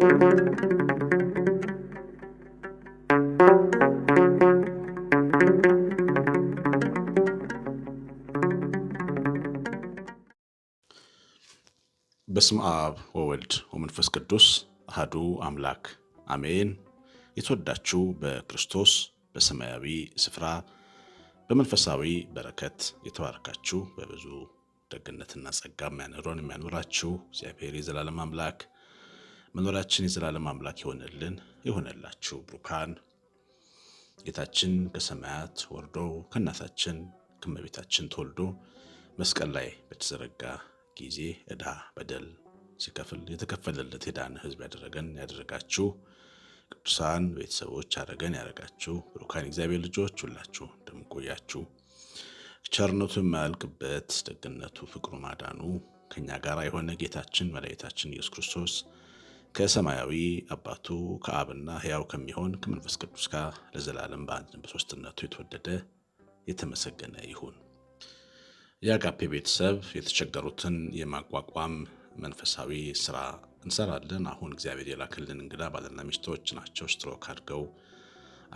በስም አብ ወወልድ ወመንፈስ ቅዱስ አህዱ አምላክ አሜን። የተወዳችሁ በክርስቶስ በሰማያዊ ስፍራ በመንፈሳዊ በረከት የተባረካችሁ በብዙ ደግነትና ጸጋ የሚያኖረን የሚያኖራችሁ እግዚአብሔር የዘላለም አምላክ መኖሪያችን የዘላለም አምላክ የሆነልን የሆነላችሁ ብሩካን ጌታችን ከሰማያት ወርዶ ከእናታችን ከእመቤታችን ተወልዶ መስቀል ላይ በተዘረጋ ጊዜ ዕዳ በደል ሲከፍል የተከፈለለት የዳነ ሕዝብ ያደረገን ያደረጋችሁ ቅዱሳን ቤተሰቦች አደረገን ያደረጋችሁ ብሩካን እግዚአብሔር ልጆች ሁላችሁ እንደምንቆያችሁ ቸርነቱ የማያልቅበት ደግነቱ፣ ፍቅሩ፣ ማዳኑ ከእኛ ጋር የሆነ ጌታችን መድኃኒታችን ኢየሱስ ክርስቶስ ከሰማያዊ አባቱ ከአብና ሕያው ከሚሆን ከመንፈስ ቅዱስ ጋር ለዘላለም በአንድ በሶስትነቱ የተወደደ የተመሰገነ ይሁን። የአጋፔ ቤተሰብ የተቸገሩትን የማቋቋም መንፈሳዊ ስራ እንሰራለን። አሁን እግዚአብሔር የላክልን እንግዳ ባልና ሚስቶች ናቸው። ስትሮክ አድርገው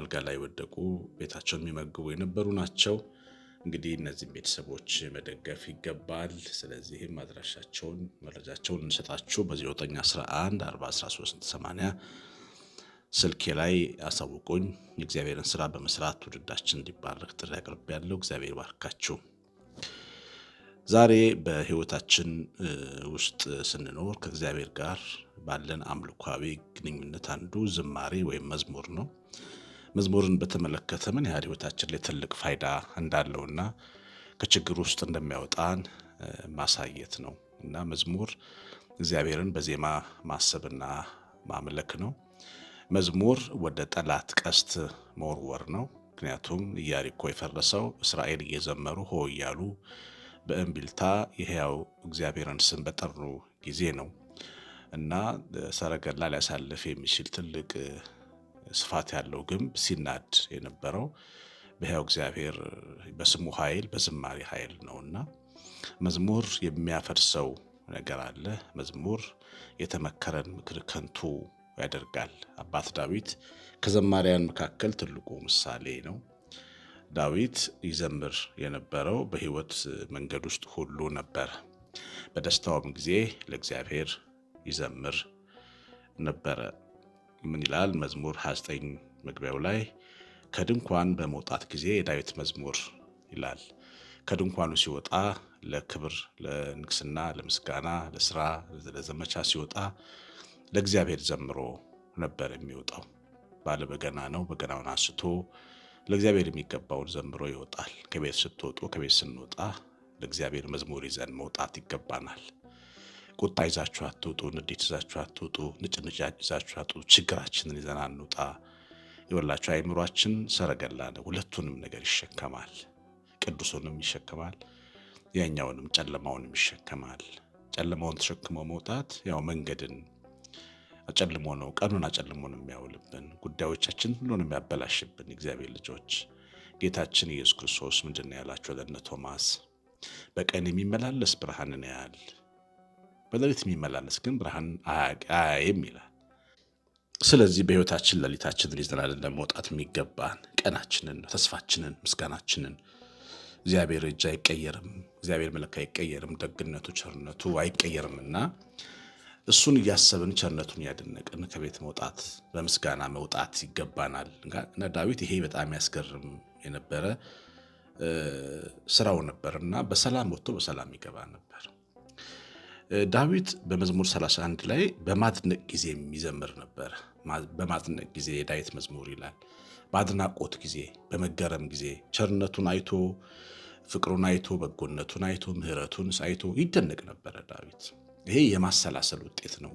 አልጋ ላይ ወደቁ። ቤታቸውን የሚመግቡ የነበሩ ናቸው። እንግዲህ እነዚህም ቤተሰቦች መደገፍ ይገባል። ስለዚህም አድራሻቸውን መረጃቸውን እንሰጣችሁ በ0911 41380 ስልኬ ላይ አሳውቁኝ። የእግዚአብሔርን ስራ በመስራት ትውልዳችን እንዲባረክ ጥሪ ያለው እግዚአብሔር ባርካችሁ። ዛሬ በህይወታችን ውስጥ ስንኖር ከእግዚአብሔር ጋር ባለን አምልኳዊ ግንኙነት አንዱ ዝማሬ ወይም መዝሙር ነው። መዝሙርን በተመለከተ ምን ያህል ህይወታችን ላይ ትልቅ ፋይዳ እንዳለውና ከችግር ውስጥ እንደሚያወጣን ማሳየት ነው እና መዝሙር እግዚአብሔርን በዜማ ማሰብና ማምለክ ነው። መዝሙር ወደ ጠላት ቀስት መወርወር ነው። ምክንያቱም ኢያሪኮ የፈረሰው እስራኤል እየዘመሩ ሆ እያሉ በእምቢልታ የሕያው እግዚአብሔርን ስም በጠሩ ጊዜ ነው እና ሰረገላ ሊያሳልፍ የሚችል ትልቅ ስፋት ያለው ግንብ ሲናድ የነበረው በሕያው እግዚአብሔር በስሙ ኃይል በዝማሬ ኃይል ነውና መዝሙር የሚያፈርሰው ነገር አለ። መዝሙር የተመከረን ምክር ከንቱ ያደርጋል። አባት ዳዊት ከዘማሪያን መካከል ትልቁ ምሳሌ ነው። ዳዊት ይዘምር የነበረው በሕይወት መንገድ ውስጥ ሁሉ ነበር። በደስታውም ጊዜ ለእግዚአብሔር ይዘምር ነበረ። ምን ይላል? መዝሙር 29 መግቢያው ላይ ከድንኳን በመውጣት ጊዜ የዳዊት መዝሙር ይላል። ከድንኳኑ ሲወጣ ለክብር፣ ለንግስና፣ ለምስጋና፣ ለስራ፣ ለዘመቻ ሲወጣ ለእግዚአብሔር ዘምሮ ነበር የሚወጣው። ባለ በገና ነው። በገናውን አንስቶ ለእግዚአብሔር የሚገባውን ዘምሮ ይወጣል። ከቤት ስትወጡ፣ ከቤት ስንወጣ ለእግዚአብሔር መዝሙር ይዘን መውጣት ይገባናል። ቁጣ ይዛችሁ አትውጡ፣ ንዴት ይዛችሁ አትውጡ፣ ንጭንጫ ይዛችሁ አትውጡ፣ ችግራችንን ይዘን አንውጣ። ይወላችሁ አይምሯችን ሰረገላ ነው። ሁለቱንም ነገር ይሸከማል። ቅዱሱንም ይሸከማል፣ ያኛውንም ጨለማውንም ይሸከማል። ጨለማውን ተሸክሞ መውጣት ያው መንገድን አጨልሞ ነው፣ ቀኑን አጨልሞ ነው የሚያውልብን፣ ጉዳዮቻችን ሁሉ ነው የሚያበላሽብን። እግዚአብሔር ልጆች ጌታችን ኢየሱስ ክርስቶስ ምንድን ነው ያላቸው ለነ ቶማስ በቀን የሚመላለስ ብርሃንን ያል። በሌሊት የሚመላለስ ግን ብርሃን አያይም ይላል። ስለዚህ በህይወታችን ሌሊታችንን ይዘን ለመውጣት የሚገባን፣ ቀናችንን፣ ተስፋችንን፣ ምስጋናችንን እግዚአብሔር እጅ አይቀየርም፣ እግዚአብሔር መልክ አይቀየርም፣ ደግነቱ ቸርነቱ አይቀየርምና እሱን እያሰብን ቸርነቱን እያደነቅን ከቤት መውጣት በምስጋና መውጣት ይገባናል እና ዳዊት ይሄ በጣም ያስገርም የነበረ ስራው ነበር እና በሰላም ወጥቶ በሰላም ይገባ ነበር። ዳዊት በመዝሙር 31 ላይ በማድነቅ ጊዜ የሚዘምር ነበር። በማድነቅ ጊዜ የዳዊት መዝሙር ይላል። በአድናቆት ጊዜ፣ በመገረም ጊዜ ቸርነቱን አይቶ ፍቅሩን አይቶ በጎነቱን አይቶ ምሕረቱን አይቶ ይደነቅ ነበረ ዳዊት። ይሄ የማሰላሰል ውጤት ነው።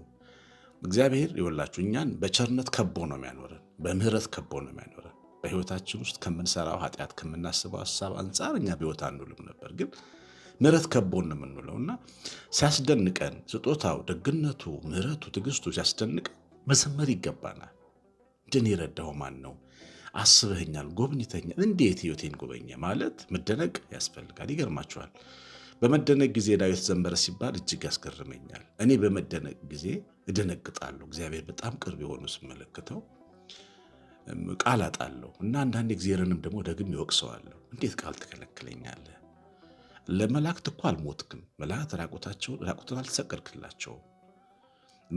እግዚአብሔር ይወላችሁ እኛን በቸርነት ከቦ ነው የሚያኖረን፣ በምሕረት ከቦ ነው የሚያኖረን። በህይወታችን ውስጥ ከምንሰራው ኃጢአት፣ ከምናስበው ሀሳብ አንጻር እኛ አንውልም ነበር ግን ምረት ከቦን የምንውለው እና ሲያስደንቀን ስጦታው፣ ደግነቱ፣ ምረቱ ትግስቱ ሲያስደንቅ መዘመር ይገባናል። እንድን የረዳው ማን ነው? አስበህኛል፣ ጎብኝተኛል፣ እንዴት ህይወቴን ጎበኘ ማለት መደነቅ ያስፈልጋል። ይገርማችኋል በመደነቅ ጊዜ ዳዊት ዘመረ ሲባል እጅግ ያስገርመኛል። እኔ በመደነቅ ጊዜ እደነግጣለሁ። እግዚአብሔር በጣም ቅርብ የሆኑ ስመለክተው ቃል አጣለሁ እና አንዳንድ እግዚአብሔርንም ደግሞ ደግም ይወቅሰዋለሁ። እንዴት ቃል ትከለክለኛለህ? ለመላእክት እኮ አልሞትክም። መላእክት ራቁታቸውን ራቁትን አልተሰቀልክላቸውም።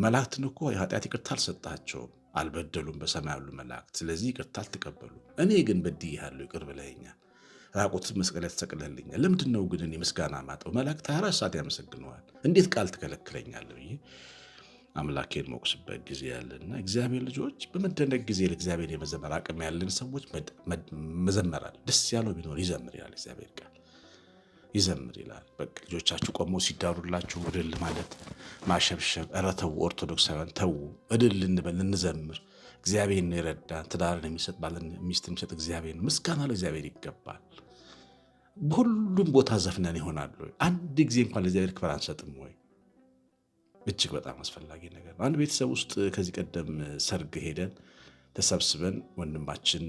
መላእክትን እኮ የኃጢአት ይቅርታ አልሰጣቸውም። አልበደሉም በሰማይ ያሉ መላእክት። ስለዚህ ይቅርታ አልተቀበሉ። እኔ ግን በድዬ ያለው ይቅር ብለኸኛል። ራቁትን መስቀል ያተሰቅለልኛል። ለምንድን ነው ግን እኔ ምስጋና ማጠው? መላእክት 24 ሰዓት ያመሰግነዋል። እንዴት ቃል ትከለክለኛለህ ብዬ አምላኬን መቁስበት ጊዜ ያለና እግዚአብሔር ልጆች በመደነቅ ጊዜ ለእግዚአብሔር የመዘመር አቅም ያለን ሰዎች መዘመራል። ደስ ያለው ቢኖር ይዘምር ይላል እግዚአብሔር ቃል። ይዘምር ይላል። በቃ ልጆቻችሁ ቆሞ ሲዳሩላችሁ እልል ማለት ማሸብሸብ፣ ኧረ ተዉ ኦርቶዶክሳውያን ተዉ፣ እልል ልንበል ልንዘምር። እግዚአብሔር ነው የረዳን፣ ትዳርን የሚሰጥ ባልን ሚስት የሚሰጥ እግዚአብሔር ነው። ምስጋና ለእግዚአብሔር ይገባል። በሁሉም ቦታ ዘፍነን ይሆናሉ። ወይ? አንድ ጊዜ እንኳን ለእግዚአብሔር ክብር አንሰጥም ወይ? እጅግ በጣም አስፈላጊ ነገር ነው። አንድ ቤተሰብ ውስጥ ከዚህ ቀደም ሰርግ ሄደን ተሰብስበን ወንድማችን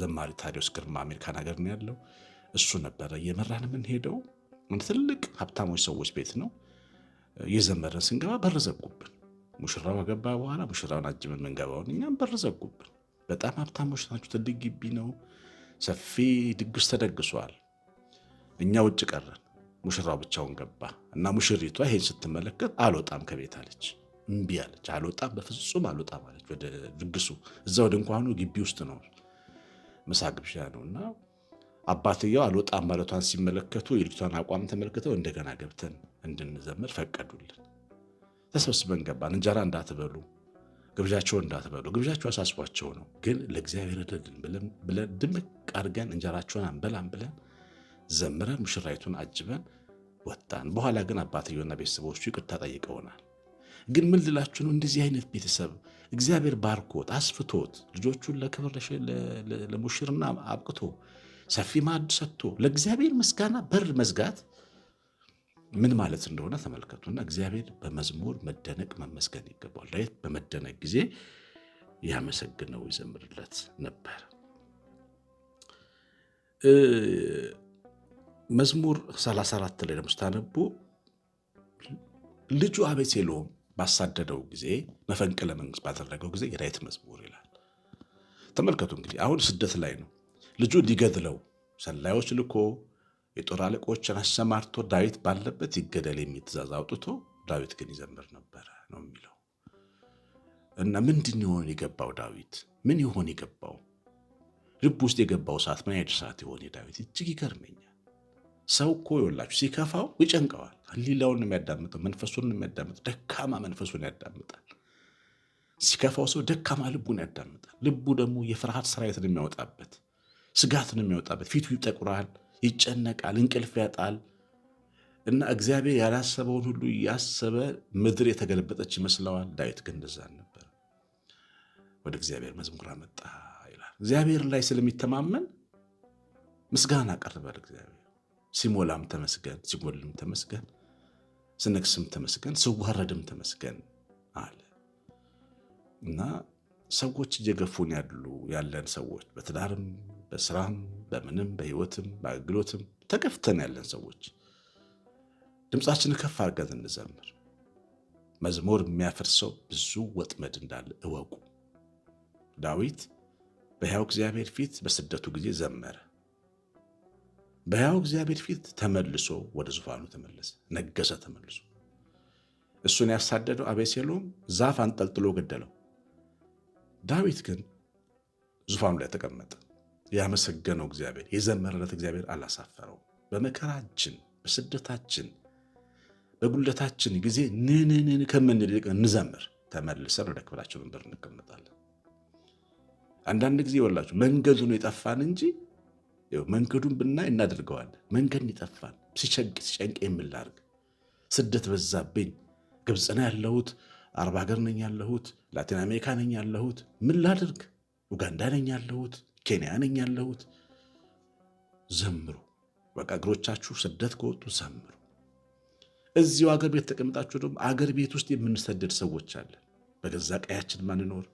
ዘማሪ ታዲዮስ ግርማ አሜሪካን ሀገር ነው ያለው እሱ ነበረ እየመራን የምንሄደው። ትልቅ ሀብታሞች ሰዎች ቤት ነው እየዘመረን ስንገባ በር ዘጉብን። ሙሽራው ከገባ በኋላ ሙሽራውን አጅበን የምንገባውን እኛም በር ዘጉብን። በጣም ሀብታሞች ናቸው። ትልቅ ግቢ ነው። ሰፊ ድግስ ተደግሷል። እኛ ውጭ ቀረን። ሙሽራው ብቻውን ገባ እና ሙሽሪቷ ይሄን ስትመለከት አልወጣም ከቤት አለች። እምቢ አለች። አልወጣም፣ በፍጹም አልወጣም አለች። ወደ ድግሱ ወደ እንኳኑ ግቢ ውስጥ ነው ምሳ ግብዣ ነው እና አባትየው አልወጣም ማለቷን ሲመለከቱ የልጅቷን አቋም ተመልክተው እንደገና ገብተን እንድንዘምር ፈቀዱልን። ተሰብስበን ገባን። እንጀራ እንዳትበሉ፣ ግብዣቸው እንዳትበሉ፣ ግብዣቸው አሳስቧቸው ነው፣ ግን ለእግዚአብሔር ረድልን ብለን ድምቅ አድርገን እንጀራቸውን አንበላም ብለን ዘምረን ሙሽራይቱን አጅበን ወጣን። በኋላ ግን አባትየውና ቤተሰቦቹ ይቅርታ ጠይቀውናል። ግን ምን ልላችሁ ነው? እንደዚህ አይነት ቤተሰብ እግዚአብሔር ባርኮት አስፍቶት ልጆቹን ለክብር ለሙሽርና አብቅቶ ሰፊ ማዕድ ሰጥቶ ለእግዚአብሔር ምስጋና በር መዝጋት ምን ማለት እንደሆነ ተመልከቱና እግዚአብሔር በመዝሙር መደነቅ መመስገን ይገባል። ዳዊት በመደነቅ ጊዜ ያመሰግነው ይዘምርለት ነበር። መዝሙር 34 ላይ ደግሞ ስታነቡ ልጁ አቤሴሎም ባሳደደው ጊዜ መፈንቅለ መንግስት ባደረገው ጊዜ የዳዊት መዝሙር ይላል። ተመልከቱ እንግዲህ አሁን ስደት ላይ ነው። ልጁ ሊገድለው ሰላዮች ልኮ የጦር አለቆችን አሰማርቶ ዳዊት ባለበት ይገደል የሚል ትእዛዝ አውጥቶ ዳዊት ግን ይዘምር ነበረ ነው የሚለው። እና ምንድን ይሆን የገባው ዳዊት? ምን ይሆን የገባው ልብ ውስጥ የገባው ሰዓት ምን አይነት ሰዓት ይሆን የዳዊት? እጅግ ይገርመኛል። ሰው እኮ ይወላችሁ ሲከፋው ይጨንቀዋል። ሊላውን የሚያዳምጠው መንፈሱን የሚያዳምጠው ደካማ መንፈሱን ያዳምጣል። ሲከፋው ሰው ደካማ ልቡን ያዳምጣል። ልቡ ደግሞ የፍርሃት ስራየትን የሚያወጣበት ስጋት ነው የሚወጣበት። ፊቱ ይጠቁራል፣ ይጨነቃል፣ እንቅልፍ ያጣል እና እግዚአብሔር ያላሰበውን ሁሉ ያሰበ ምድር የተገለበጠች ይመስለዋል። ዳዊት ግን እንደዛ ነበር። ወደ እግዚአብሔር መዝሙር መጣ ይላል። እግዚአብሔር ላይ ስለሚተማመን ምስጋና አቀርባል። እግዚአብሔር ሲሞላም ተመስገን፣ ሲጎልም ተመስገን፣ ስነግስም ተመስገን፣ ስዋረድም ተመስገን አለ እና ሰዎች እየገፉን ያሉ ያለን ሰዎች በትዳርም በስራም በምንም በህይወትም በአገልግሎትም ተከፍተን ያለን ሰዎች ድምፃችን ከፍ አድርገን እንዘምር። መዝሙር የሚያፈርሰው ብዙ ወጥመድ እንዳለ እወቁ። ዳዊት በሕያው እግዚአብሔር ፊት በስደቱ ጊዜ ዘመረ። በሕያው እግዚአብሔር ፊት ተመልሶ ወደ ዙፋኑ ተመለሰ፣ ነገሰ ተመልሶ። እሱን ያሳደደው አቤሴሎም ዛፍ አንጠልጥሎ ገደለው። ዳዊት ግን ዙፋኑ ላይ ተቀመጠ። ያመሰገነው እግዚአብሔር የዘመረለት እግዚአብሔር አላሳፈረው። በመከራችን በስደታችን በጉለታችን ጊዜ ንንንን ከምንል ይልቅ እንዘምር። ተመልሰን ወደ ክፍላችን መንበር እንቀመጣለን። አንዳንድ ጊዜ ወላችሁ መንገዱ ነው የጠፋን እንጂ መንገዱን ብናይ እናደርገዋለን። መንገድ ይጠፋን ሲጨንቅ ሲጨንቅ የምላርግ ስደት በዛብኝ፣ ግብፅ ነው ያለሁት፣ አረብ ሀገር ነኝ ያለሁት፣ ላቲን አሜሪካ ነኝ ያለሁት፣ ምን ላድርግ፣ ኡጋንዳ ነኝ ያለሁት ኬንያ ነኝ ያለሁት። ዘምሩ፣ በቃ እግሮቻችሁ ስደት ከወጡ ዘምሩ። እዚሁ አገር ቤት ተቀምጣችሁ ደግሞ አገር ቤት ውስጥ የምንሰደድ ሰዎች አለን። በገዛ ቀያችን ማንኖር፣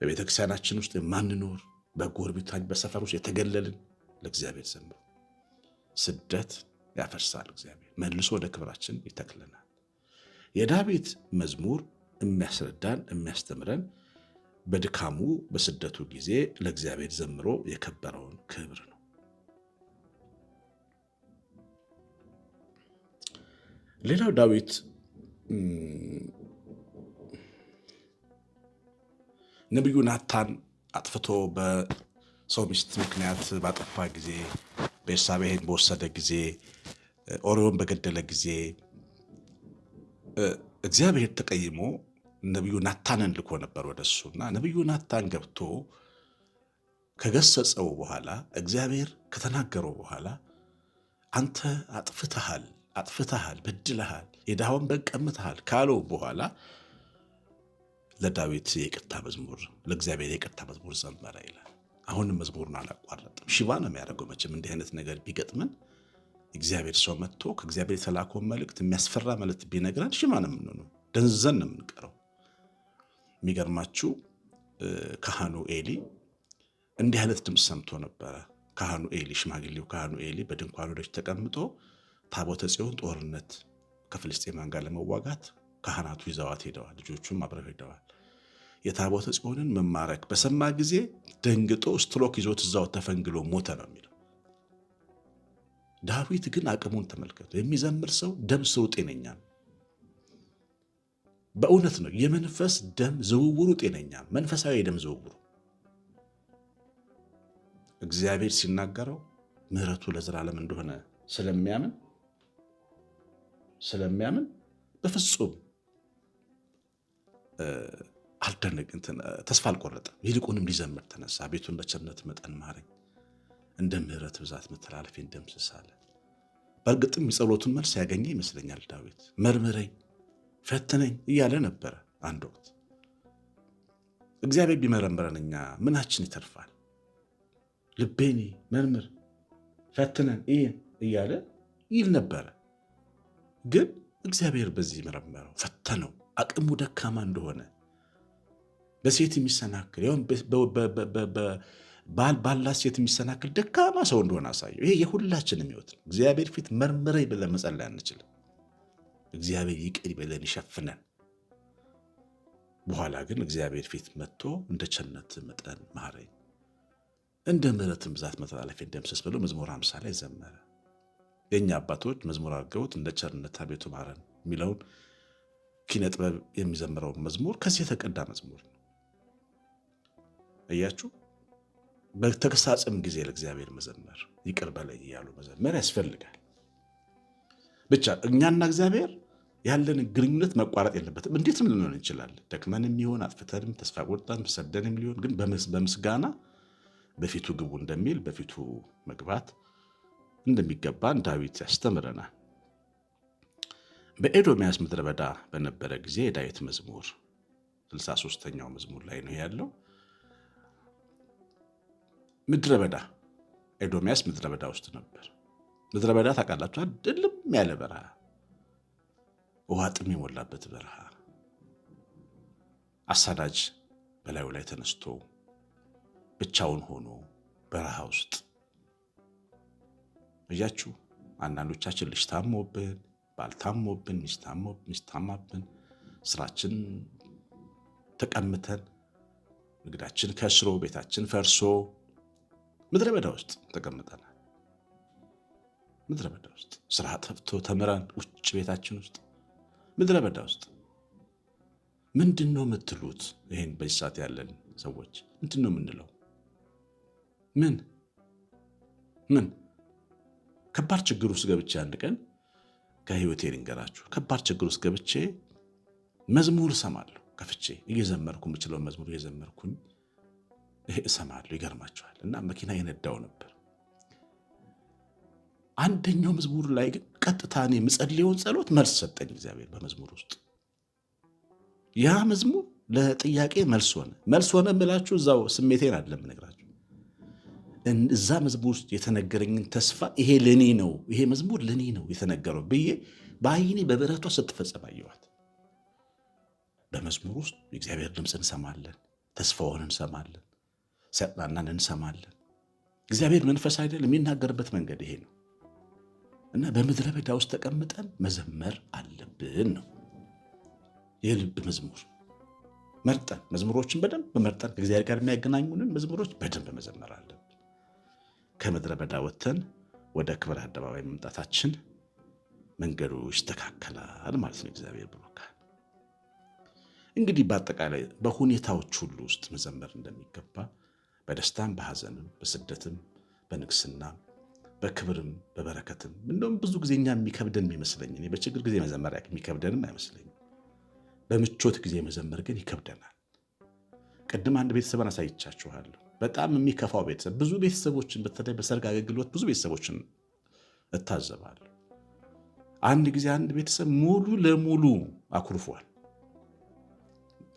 በቤተክርስቲያናችን ውስጥ የማንኖር፣ በጎረቤታችን በሰፈር ውስጥ የተገለልን፣ ለእግዚአብሔር ዘምሩ። ስደት ያፈርሳል እግዚአብሔር፣ መልሶ ወደ ክብራችን ይተክለናል። የዳዊት መዝሙር የሚያስረዳን የሚያስተምረን በድካሙ በስደቱ ጊዜ ለእግዚአብሔር ዘምሮ የከበረውን ክብር ነው። ሌላው ዳዊት ነቢዩ ናታን አጥፍቶ በሰው ሚስት ምክንያት ባጠፋ ጊዜ፣ ቤርሳቤህን በወሰደ ጊዜ፣ ኦሪዮን በገደለ ጊዜ እግዚአብሔር ተቀይሞ ነቢዩ ናታንን ልኮ ነበር ወደ እሱ እና ነቢዩ ናታን ገብቶ ከገሰጸው በኋላ እግዚአብሔር ከተናገረው በኋላ አንተ አጥፍተሃል፣ አጥፍተሃል፣ በድለሃል፣ የድሃውን በግ ቀምተሃል ካለው በኋላ ለዳዊት የቅርታ መዝሙር ለእግዚአብሔር የቅርታ መዝሙር ዘመረ ይላል። አሁንም መዝሙሩን አላቋረጥም። ሽባ ነው የሚያደርገው። መቼም እንዲህ አይነት ነገር ቢገጥምን እግዚአብሔር ሰው መጥቶ ከእግዚአብሔር የተላከውን መልእክት የሚያስፈራ መልእክት ቢነግረን ሽባ ነው የምንሆነው፣ ደንዘን ነው የምንቀረው። የሚገርማችሁ ካህኑ ኤሊ እንዲህ አይነት ድምፅ ሰምቶ ነበረ። ካህኑ ኤሊ ሽማግሌው ካህኑ ኤሊ በድንኳኑ ደጅ ተቀምጦ ታቦተ ጽዮን ጦርነት ከፍልስጤማን ጋር ለመዋጋት ካህናቱ ይዘዋት ሄደዋል። ልጆቹም አብረው ሄደዋል። የታቦተ ጽዮንን መማረክ በሰማ ጊዜ ደንግጦ ስትሮክ ይዞት እዛው ተፈንግሎ ሞተ ነው የሚለው። ዳዊት ግን አቅሙን ተመልከቱ። የሚዘምር ሰው ደም ስሩ ጤነኛ ነው። በእውነት ነው የመንፈስ ደም ዝውውሩ ጤነኛ መንፈሳዊ የደም ዝውውሩ እግዚአብሔር ሲናገረው ምሕረቱ ለዘላለም እንደሆነ ስለሚያምን ስለሚያምን በፍጹም አልደነቅ ተስፋ አልቆረጠም። ይልቁንም ሊዘምር ተነሳ። ቤቱ እንደ ቸርነት መጠን ማረኝ፣ እንደ ምሕረት ብዛት መተላለፌን ደምስሳለ። በእርግጥም የጸሎቱን መልስ ያገኘ ይመስለኛል ዳዊት መርምረኝ ፈተነኝ እያለ ነበረ አንድ ወቅት። እግዚአብሔር ቢመረምረን እኛ ምናችን ይተርፋል? ልቤኔ መርምር ፈትነን ይህን እያለ ይል ነበረ። ግን እግዚአብሔር በዚህ መረመረው፣ ፈተነው። አቅሙ ደካማ እንደሆነ በሴት የሚሰናክል ባል ባላት ሴት የሚሰናክል ደካማ ሰው እንደሆነ አሳየው። ይሄ የሁላችንም ሕይወት ነው። እግዚአብሔር ፊት መርምረኝ ብለን መጸለይ አንችልም። እግዚአብሔር ይቅር ይበለን ይሸፍነን። በኋላ ግን እግዚአብሔር ፊት መጥቶ እንደ ቸነት መጠን ማረኝ፣ እንደ ምሕረትም ብዛት መተላለፊ ደምስስ ብሎ መዝሙር ሃምሳ ላይ ዘመረ። የእኛ አባቶች መዝሙር አድርገውት እንደ ቸርነት አቤቱ ማረን የሚለውን ኪነ ጥበብ የሚዘምረውን መዝሙር ከዚህ የተቀዳ መዝሙር ነው። እያችሁ በተግሳጽም ጊዜ ለእግዚአብሔር መዘመር ይቅር በለኝ እያሉ መዘመር ያስፈልጋል። ብቻ እኛና እግዚአብሔር ያለን ግንኙነት መቋረጥ የለበትም። እንዴትም ልንሆን እንችላለን። ደክመንም ይሆን አጥፍተንም ተስፋ ቆርጠን ሰደንም ሊሆን ግን በምስጋና በፊቱ ግቡ እንደሚል በፊቱ መግባት እንደሚገባን ዳዊት ያስተምረናል። በኤዶሚያስ ምድረ በዳ በነበረ ጊዜ የዳዊት መዝሙር 63ኛው መዝሙር ላይ ነው ያለው። ምድረ በዳ ኤዶሚያስ ምድረ በዳ ውስጥ ነበር። ምድረ በዳ ታውቃላችሁ፣ ድልም ያለ በረሃ ውሃ ጥም የሞላበት በረሃ አሳዳጅ በላዩ ላይ ተነስቶ ብቻውን ሆኖ በረሃ ውስጥ እያችሁ አንዳንዶቻችን ልጅ ታሞብን፣ ባልታሞብን ታሞብን፣ ሚስት ታማብን፣ ስራችን ተቀምተን፣ ንግዳችን ከስሮ፣ ቤታችን ፈርሶ ምድረ በዳ ውስጥ ተቀምጠናል። ምድረ በዳ ውስጥ ስራ ጠፍቶ ተምረን ውጭ ቤታችን ውስጥ ምድረ በዳ ውስጥ ምንድን ነው የምትሉት? ይህን በዚህ ሰዓት ያለን ሰዎች ምንድን ነው የምንለው? ምን ምን ከባድ ችግር ውስጥ ገብቼ አንድ ቀን ከህይወቴ ልንገራችሁ። ከባድ ችግር ውስጥ ገብቼ መዝሙር እሰማለሁ። ከፍቼ እየዘመርኩ የምችለውን መዝሙር እየዘመርኩኝ ይሄ እሰማለሁ። ይገርማችኋል። እና መኪና የነዳው ነበር አንደኛው መዝሙር ላይ ግን ቀጥታ እኔ የምጸልየውን ጸሎት መልስ ሰጠኝ እግዚአብሔር በመዝሙር ውስጥ። ያ መዝሙር ለጥያቄ መልስ ሆነ። መልስ ሆነ የምላችሁ እዛው ስሜቴን አይደለም የምነግራችሁ። እዛ መዝሙር ውስጥ የተነገረኝን ተስፋ ይሄ ለእኔ ነው፣ ይሄ መዝሙር ለእኔ ነው የተነገረው ብዬ በአይኔ በብረቷ ስትፈጸም አየኋት። በመዝሙር ውስጥ የእግዚአብሔር ድምፅ እንሰማለን፣ ተስፋውን እንሰማለን፣ ሰጥናናን እንሰማለን። እግዚአብሔር መንፈስ አይደለም የሚናገርበት መንገድ ይሄ ነው። እና በምድረ በዳ ውስጥ ተቀምጠን መዘመር አለብን ነው የልብ መዝሙር መርጠን መዝሙሮችን በደንብ መርጠን ከእግዚአብሔር ጋር የሚያገናኙንን መዝሙሮች በደንብ መዘመር አለብን። ከምድረ በዳ ወጥተን ወደ ክብር አደባባይ መምጣታችን መንገዱ ይስተካከላል ማለት ነው። እግዚአብሔር ብሎካል። እንግዲህ በአጠቃላይ በሁኔታዎች ሁሉ ውስጥ መዘመር እንደሚገባ በደስታም፣ በሐዘንም፣ በስደትም፣ በንግስናም በክብርም በበረከትም እንደውም ብዙ ጊዜ እኛ የሚከብደን የሚመስለኝ እኔ በችግር ጊዜ መዘመር የሚከብደንም አይመስለኝም። በምቾት ጊዜ መዘመር ግን ይከብደናል። ቅድም አንድ ቤተሰብን አሳይቻችኋለሁ። በጣም የሚከፋው ቤተሰብ ብዙ ቤተሰቦችን በተለይ በሰርግ አገልግሎት ብዙ ቤተሰቦችን እታዘባለሁ። አንድ ጊዜ አንድ ቤተሰብ ሙሉ ለሙሉ አኩርፏል።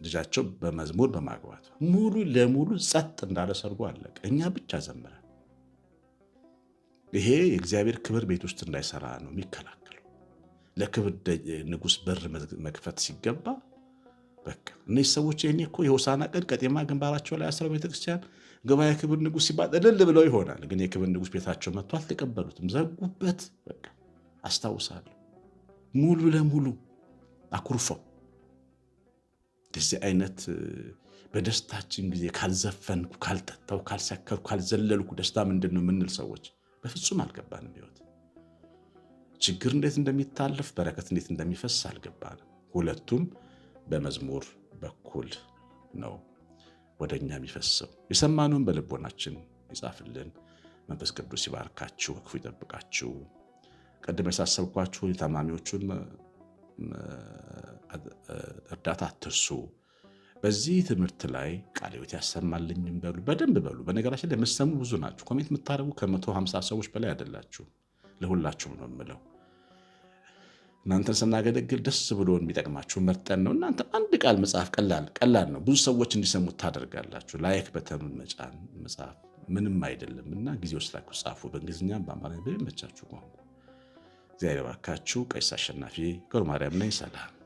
ልጃቸው በመዝሙር በማግባት ሙሉ ለሙሉ ጸጥ እንዳለ ሰርጎ አለቀ። እኛ ብቻ ዘምረን ይሄ የእግዚአብሔር ክብር ቤት ውስጥ እንዳይሰራ ነው የሚከላከለው። ለክብር ንጉሥ በር መክፈት ሲገባ በቃ እነዚህ ሰዎች ይህኔ እኮ የሆሳና ቀን ቀጤማ ግንባራቸው ላይ አስረው ቤተክርስቲያን ግባ የክብር ንጉሥ ሲባል እልል ብለው ይሆናል። ግን የክብር ንጉሥ ቤታቸው መጥቶ አልተቀበሉትም፣ ዘጉበት። በቃ አስታውሳለሁ፣ ሙሉ ለሙሉ አኩርፈው እንደዚህ አይነት በደስታችን ጊዜ ካልዘፈንኩ፣ ካልጠጣው፣ ካልሰከርኩ፣ ካልዘለልኩ ደስታ ምንድን ነው የምንል ሰዎች በፍጹም አልገባንም። ህይወት ችግር እንዴት እንደሚታለፍ በረከት እንዴት እንደሚፈስ አልገባንም። ሁለቱም በመዝሙር በኩል ነው ወደ እኛ የሚፈሰው። የሰማነውን በልቦናችን ይጻፍልን። መንፈስ ቅዱስ ይባርካችሁ፣ ክፉ ይጠብቃችሁ። ቀደም ያሳሰብኳችሁ የታማሚዎቹን እርዳታ አትርሱ። በዚህ ትምህርት ላይ ቃለ ሕይወት ያሰማልኝም በሉ፣ በደንብ በሉ። በነገራችን ላይ የምትሰሙ ብዙ ናችሁ። ኮሜንት የምታደርጉ ከመቶ ሃምሳ ሰዎች በላይ አይደላችሁ። ለሁላችሁም ነው የምለው። እናንተን ስናገለግል ደስ ብሎን የሚጠቅማችሁ መርጠን ነው። እናንተ አንድ ቃል መጽሐፍ ቀላል ነው፣ ብዙ ሰዎች እንዲሰሙት ታደርጋላችሁ። ላይክ በተኑን መጫን መጽሐፍ ምንም አይደለም እና ጊዜው ስላችሁ ጻፉ፣ በእንግሊዝኛም በአማርኛ በሚመቻችሁ ቋንቋ። እግዚአብሔር ባርካችሁ። ቀሲስ አሸናፊ ገብረ ማርያም ነኝ። ሰላም